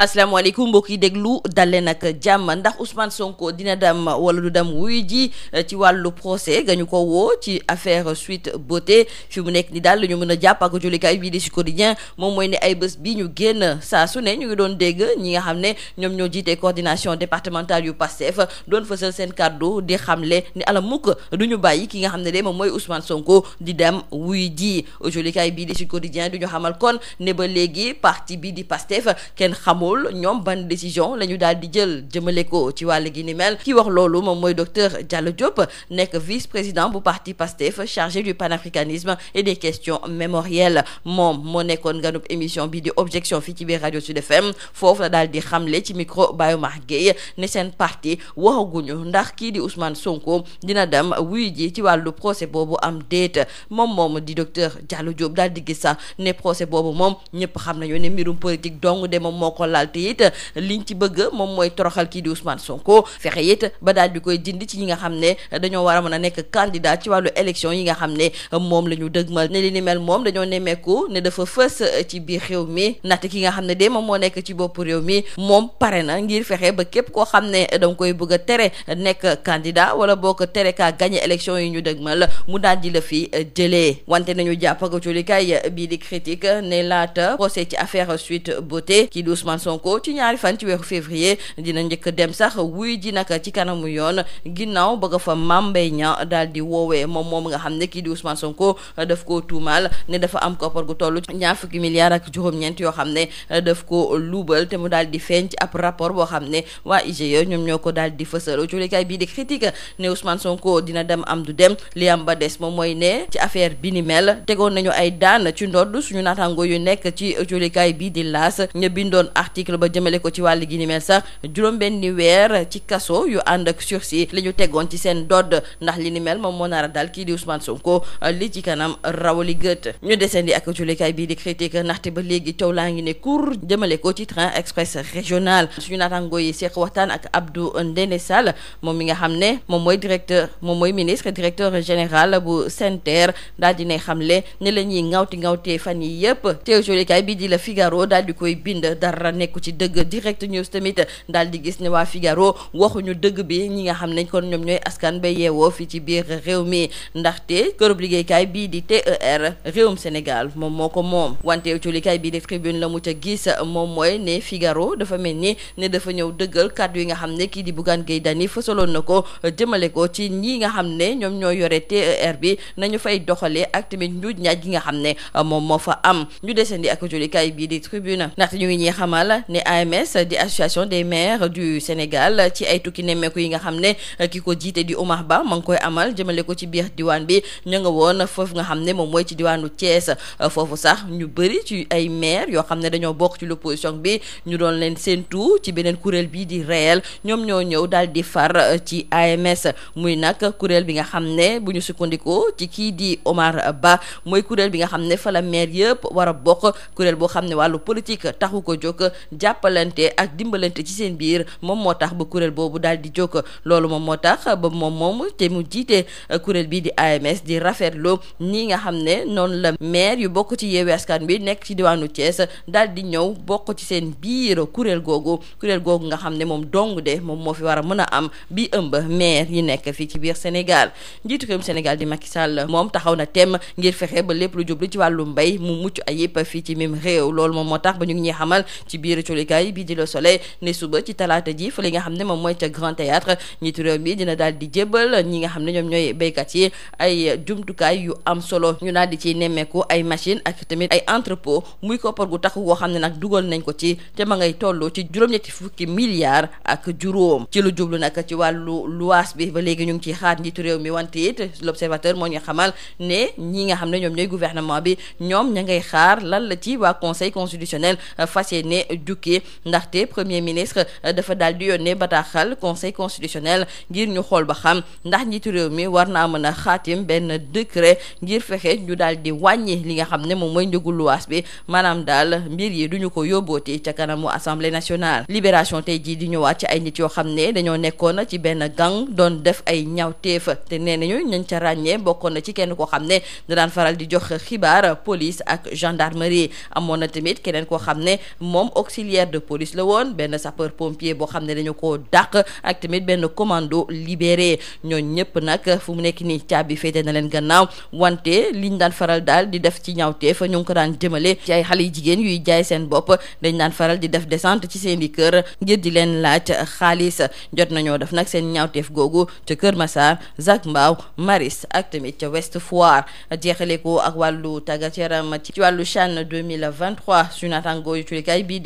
asalaamaaleykum mbokk yi déglu dalee nag jàmm ndax Ousmane Sonko dina dem wala du dem wuy ji eh, ci wàllu procès ga ko woo ci affaire Sweet Beauté fi mu nekk ni daal lu ñu mën a jàpp ak julikaay bii di si quotidien moom mooy ne ay bés bi ñu génn saa su ne ñu ngi doon dégg ñi nga xam ne ñoom ñoo jiite coordination départementale yu Pastef doon fësal seen kàddu di xamle ni ala mukk du ñu bàyyi ki nga xam ne de moom mooy Ousmane Sonko di dem wuy ji julikaay bii di si quotidien du ñu xamal kon ne ba léegi parti bi di Pastef kenn xamul teewul ñoom ban décision la ñu daal di jël jëmale ko ci wàll gi ni mel ki wax loolu moom mooy docteur Diallo Diop nekk vice président bu parti PASTEF chargé du panafricanisme et des questions mémorielles moom moo nekkoon ganub émission bi di objection fii ci biir rajo Sud FM foofu la dal di xamle ci micro Bayoumar Gueye ne seen parti waxaguñu ndax kii di Ousmane Sonko dina dem wuy ji ci wàllu procès boobu am déet moom moomu di docteur Diallo Diop daal di gis sax moom électorale te it liñ ci bëgg moom mooy toroxal kii di Ousmane Sonko fexe it ba daal di koy dindi ci ñi nga xam ne dañoo war a mën a nekk candidat ci wàllu élection yi nga xam ne moom la ñu dëgmal ne moom dañoo nemmeeku ne dafa fës ci biir réew mi ndaxte ki nga xam ne de moom moo nekk ci bopp réew mi moom pare na ngir fexe ba képp koo xam ne danga koy bëgg a tere nekk candidat wala boo ko tere ka gagné élection yi ñu dëgmal mu daal di la fi jëlee wante nañu jàpp ak bii di critique ne laata procès ci affaire suite beauté kii di Ousmane Ousmane Sonko ci ñaari fan ci weeru février dina njëkk dem sax wuy ji nag ci kanamu yoon ginnaaw bëgg fa Mame mbay Niang daal di woowee moom moom nga xam ne kii di Ousmane Sonko daf koo tuumaal ne dafa am koppar gu toll ñaar fukki milliards ak juróom-ñeent yoo xam ne daf ko luubal te mu daal di feeñ ci ab rapport boo xam ne waa IGE ñoom ñoo ko daal di fësal coolikaay bii di critique ne Ousmane Sonko dina dem am du dem li am ba des moom mooy ne ci affaire bi ni mel tegoon nañu ay daan ci ndodd suñu naataango yu nekk ci coolikaay bii di laas ña bindoon article ba jëmale ko ci wàll gi ni mel sax juróom-benni weer ci kaso yu ànd ak sursis li ñu teggoon ci seen dodd ndax li ni mel moom moo nar a dal kii di Ousmane Sonko li ci kanam raw li gët ñu desandi ak julikaay bii di critique ndaxte ba léegi coow laa ngi ne cour jëmale ko ci train express régional suñu naataango yi seq waxtaan ak Abdou Ndene Sall moom mi nga xam ne moom mooy directeur moom mooy ministre directeur général bu SENTER daal di ne xamle ne la ñuy ngawti ngawtee fan yi yëpp te julikaay bii la Figaro daal di koy bind dara nekku ci dëgg direct news tamit daal di gis ne waa Figaro waxuñu dëgg bi ñi nga xam ne kon ñoom ñooy askan ba yeewoo fii ci biir réew mi ndaxte kërub liggéeykaay bii di TER réewum Sénégal moom moo ko moom wante culikaay bii di tribune la mu ca gis moom mooy ne Figaro dafa mel ni ne dafa ñëw dëggal kàddu yi nga xam ne kii di Bougane Gueye Dany fësaloon na ko jëmale ko ci ñii nga xam ne ñoom ñoo yore TER bi ñu fay doxalee ak tamit njuuj ñaaj gi nga xam ne moom moo fa am ñu desandi ak culikaay bii di Sénégal ne AMS di association des maires du Sénégal ci ay tukki nemmeeku yi nga xam ne eh, ki ko jiite di Omar Ba ma ngi koy amal jëmale ko ci biir diwaan bi ña nga woon foofu nga xam ne moom mooy ci diwaanu Thiès eh, foofu sax ñu bëri ci ay maire yoo xam ne dañoo bokk ci l'opposition bi ñu doon leen séentu ci beneen kuréel bi di réel ñoom ñoo ñëw daal di far eh, ci AMS muy nag kuréel bi nga xam ne bu ñu sukkandikoo ci kii di Omar Ba mooy kuréel bi nga xam ne fa maire yëpp war a bokk kuréel boo xam ne wàllu politique taxu ko jóg jàppalante ak dimbalante ci seen biir moom moo tax ba kuréel boobu daal di jóg loolu moom moo tax ba moom moom te mu jiite kuréel bii di AMS di rafetlu nii nga xam ne noonu la maire yu bokk ci yeewu askan bi nekk ci diwaanu Thiès daal di ñëw bokk ci seen biir kuréel googu kuréel googu nga xam ne moom dong de moom moo fi war a mën a am bi ëmb maire yi nekk fii ci biir Sénégal njiitu réewum Sénégal di Macky Sall moom taxaw na temm ngir fexe ba lépp lu jublu ci wàllu mbay mu mucc ayib fii ci même ci biir biir colikaay bii di ne suba ci talaata ji fa li nga ne moom mooy ca Grand Théâtre njiitu réew mi yu am solo ñu daal di ciy nemmeeku ay machine ak tamit ay entrepôt muy koppar gu tax woo xam ne nag dugal nañ ko ci te ma ngay toll ci juróom-ñetti fukki milliards ak juróom ci lu jublu nag ci lu lu luwaas bi ba léegi ñu ngi ciy xaar njiitu réew mi wante it l'observateur moo ñu xamal ne ñi nga xam ne ñoom ñooy gouvernement bi ñoom ña ngay xaar lan la ci waa conseil constitutionnel fas yéene jukkee ndaxte premier ministre euh, dafa daal di yónnee bataaxal conseil constitutionnel ngir ñu xool ba xam ndax njiitu réew mi war naa mën a xaatim benn décret ngir fexe ñu daal di wàññi li nga xam ne moom mooy njëgu bi maanaam daal mbir yi duñu ko yóbbooti ca kanamu assemblée nationale libération tey jii di ñëwaat ci ay nit yoo xam ne dañoo nekkoon ci benn gang doon def ay ñawteef te nee nañu ñañ ca ràññee bokkoon na ci kenn koo xam ne da daan faral di jox xibaar police ak gendarmerie amoon na tamit keneen koo xam ne auxiliaire de police la woon benn sapeur pompier boo xam ne dañu koo dàq ak tamit benn commando libéré ñooñ ñëpp nag fu mu nekk nii bi féete na leen gannaaw wante liñ daan faral daal di def ci ñaawteef ñu ngi ko daan jëmale ci ay xale yu jigéen yuy jaay seen bopp dañ daan faral di def descente ci seen i kër ngir di leen laaj xaalis jot nañoo def nag seen ñaawteef googu ca Kër Massar Zac mbaaw Maris ak tamit ca West Foire jeexale ko ak wàllu tàggat ci wàllu CHAN 2023 su naataango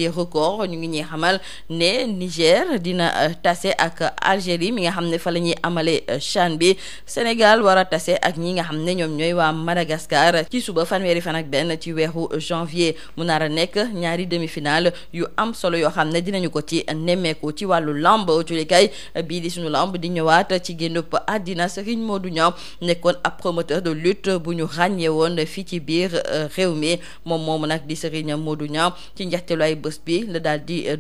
di record ñu ngi ñuy xamal ne Niger dina euh, tase ak Algérie mi nga xam ne fa la ñuy amale euh, CHAN bi Sénégal war a tase ak ñi nga xam ne ñoom ñooy waa Madagascar ci suba fanweeri fan ak benn ci weexu janvier mu nar a nekk ñaari demi-finale yu am solo yoo xam ne dinañu ko ci nemmeeku ci wàllu lamb julikaay euh, bii di suñu lamb di ñëwaat ci génnub àddina Serigne Modou Niang nekkoon ab promoteur de lutte bu ñu ràññee woon fii ci biir réew mi moom moomu nag di Serigne Modou bés bi la daal di eh,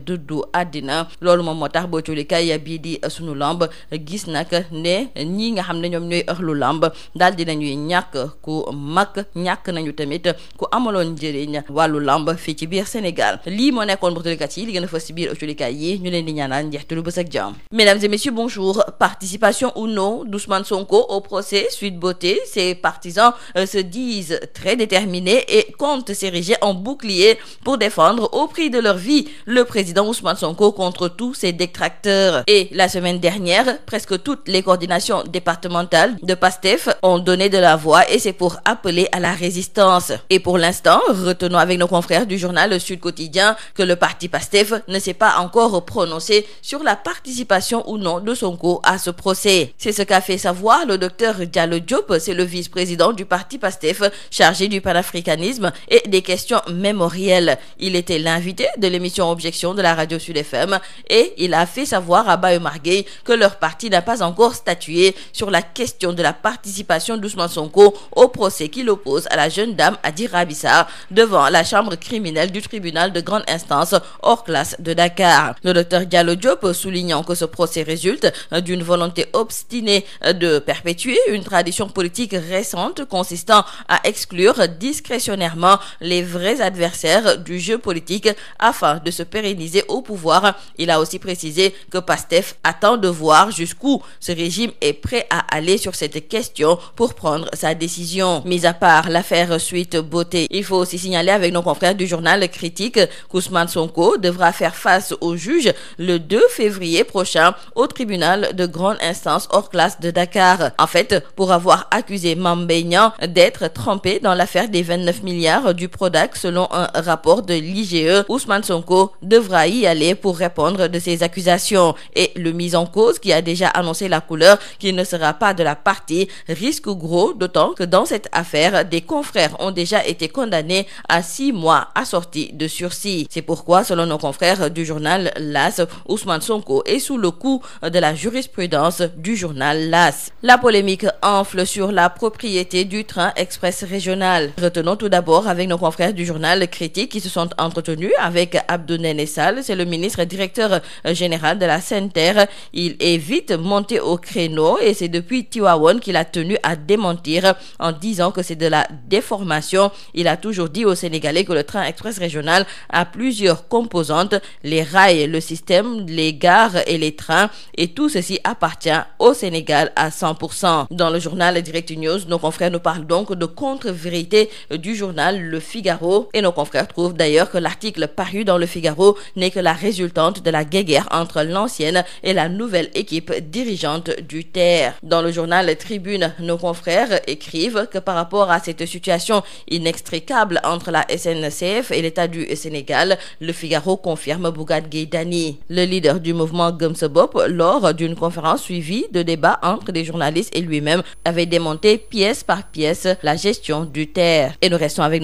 àddina loolu moom moo tax boo culi kay eh, bii di eh, sunu lamb gis nag ne ñii nga xam ne ñoom ñooy lu lamb daal di nañuy ñàkk ku mag ñàkk nañu tamit ku amaloon njëriñ wàllu lamb fii ci biir Sénégal lii moo nekkoon botulikat yi li gën a fës ci biir ëculikat yi ñu leen di ñaanal njeextalu bés ak jàmm mesdames et messieurs bonjour participation ou non d'Ousmane Sonko au procès Sweet Beauté ses partisans se disent très déterminés et comptent s'ériger en bouclier leur vie. Le président Ousmane Sonko contre tous ses détracteurs. Et la semaine dernière, presque toutes les coordinations départementales de PASTEF ont donné de la voix et c'est pour appeler à la résistance. Et pour l'instant, retenons avec nos confrères du journal le Sud Quotidien que le parti PASTEF ne s'est pas encore prononcé sur la participation ou non de Sonko à ce procès. C'est ce qu'a fait savoir le docteur Diallo Diop, c'est le vice-président du parti PASTEF de l'émission Objection de la radio Sud FM et il a fait savoir à Baye Omar Gueye que leur parti n'a pas encore statué sur la question de la participation d'Ousmane Sonko au procès qui l'oppose à la jeune dame Adji Raby Sarr devant la chambre criminelle du tribunal de grande instance hors classe de Dakar. Le docteur Diallo Diop soulignant que ce procès résulte d'une volonté obstinée de perpétuer une tradition politique récente consistant à exclure discrétionnairement les vrais adversaires afin de se pérenniser au pouvoir. Il a aussi précisé que Pastef attend de voir jusqu'où ce régime à aller sur cette question pour prendre sa décision. Mis à part l'affaire le 2 février prochain au tribunal de grande de Dakar. En fait, pour avoir accusé Mame Mbaye Niang d'être trempé dans l'affaire des 29 milliards du Prodac selon un Ousmane Sonko devra y aller pour répondre de ces accusations et le mis en cause qui a déjà annoncé la couleur qui ne sera pas de la partie risque gros d'autant que dans cette affaire des confrères ont déjà été condamnés à six mois assortis de sursis. C'est pourquoi selon nos confrères du journal L'As, Ousmane Sonko est sous le coup de la jurisprudence du journal L'As. La polémique enfle sur la propriété du train express régional. Retenons tout d'abord avec nos confrères avec Abdou Sall, c'est le ministre et directeur euh, général de la Sainte-Terre. Il est vite monté au créneau et c'est depuis Tiwawon qu'il a tenu à démentir en disant que c'est de la déformation. Il a toujours dit aux Sénégalais que le train express régional a plusieurs composantes, les rails, le système, les gares et les trains et tout ceci appartient au Sénégal à 100%. Dans le journal Direct News, nos confrères nous parlent donc de contre-vérité du journal Le Figaro et nos parue dans le Figaro n'est que la résultante de la guéguerre entre l'ancienne et la nouvelle équipe dirigeante du TER. Dans le journal Tribune, nos confrères écrivent que par rapport à cette situation inextricable entre la SNCF et l'État du Sénégal, le Figaro confirme Bougane Le leader du mouvement Gëm lors d'une conférence suivie de débats entre des journalistes et lui-même, avait démonté pièce par pièce la gestion du TER. Et nous restons avec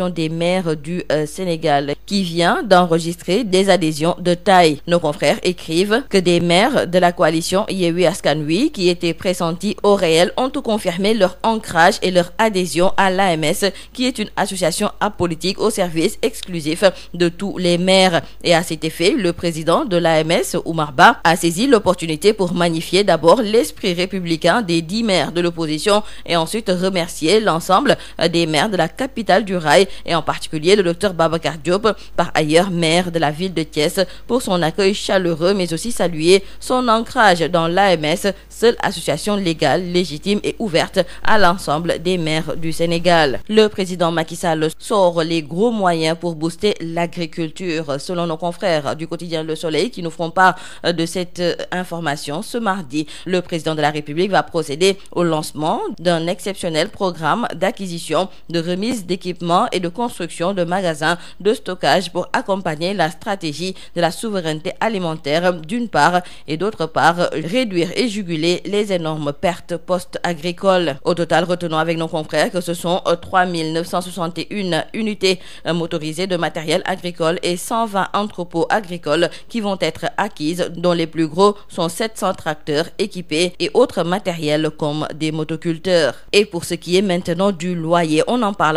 Fédération des maires du euh, Sénégal qui vient d'enregistrer des adhésions de taille. Nos confrères écrivent que des maires de la coalition Yewwi Askan Wi qui étaient pressentis au réel ont confirmé leur ancrage et leur adhésion à l'AMS qui est une association apolitique au service exclusif de tous les maires et à cet effet le président de l'AMS Oumar Ba a saisi l'opportunité pour magnifier d'abord l'esprit républicain des dix maires de l'opposition et ensuite remercier l'ensemble euh, des maires de capitale du et en particulier le docteur Babacar Diop, par ailleurs maire de la ville de Thiès, pour son accueil chaleureux mais aussi saluer son ancrage dans l'AMS, seule association légale, légitime et ouverte à l'ensemble des maires du Sénégal. Le président Macky Sall sort les gros moyens pour booster l'agriculture, selon nos confrères du quotidien Le Soleil qui nous feront part de cette euh, information ce mardi. Le président de la République va procéder au lancement de construction de magasins de stockage pour accompagner la stratégie de la souveraineté alimentaire d'une part et d'autre part réduire et juguler les énormes pertes post-agricoles. Au total, retenons avec nos confrères que ce sont 3 euh, 961 unités euh, motorisées de matériel agricoles et 120 entrepôts agricoles qui vont être acquises, dont les plus gros sont 700 tracteurs équipés et autres matériels comme des motoculteurs. Et pour ce qui est maintenant du loyer, on en parle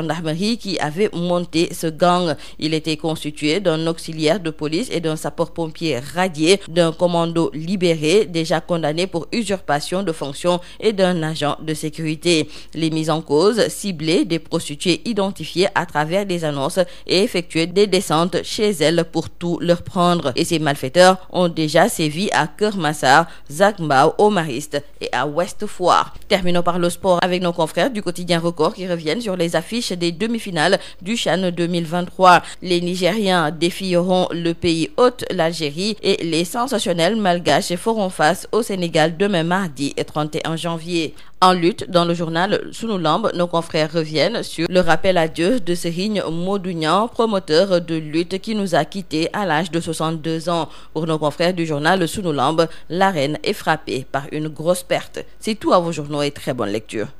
gendarmerie qui avait monté ce gang. Il était constitué d'un auxiliaire de police et d'un sapeur-pompier radié, d'un commando libéré déjà condamné pour usurpation de fonction et d'un agent de sécurité. Les mises en cause ciblées des prostituées identifiées à travers des annonces et effectuées des descentes chez elles pour tout leur prendre. Et ces malfaiteurs ont déjà sévi à Keur Massar, Zac et à Ouest Foire. Terminons par le sport avec nos match des demi-finales du CHAN 2023. Les Nigériens défieront le pays hôte, l'Algérie, et les sensationnels malgaches feront face au Sénégal demain mardi et 31 janvier. En lutte, dans le journal Sunu Lamb, nos confrères reviennent sur le rappel à Dieu de Serigne Modou Niang, promoteur de lutte qui nous a quittés à l'âge de 62 ans. Pour nos confrères du journal Sunu Lamb, l'arène est frappée par une grosse perte. C'est tout à vos journaux et très bonne lecture.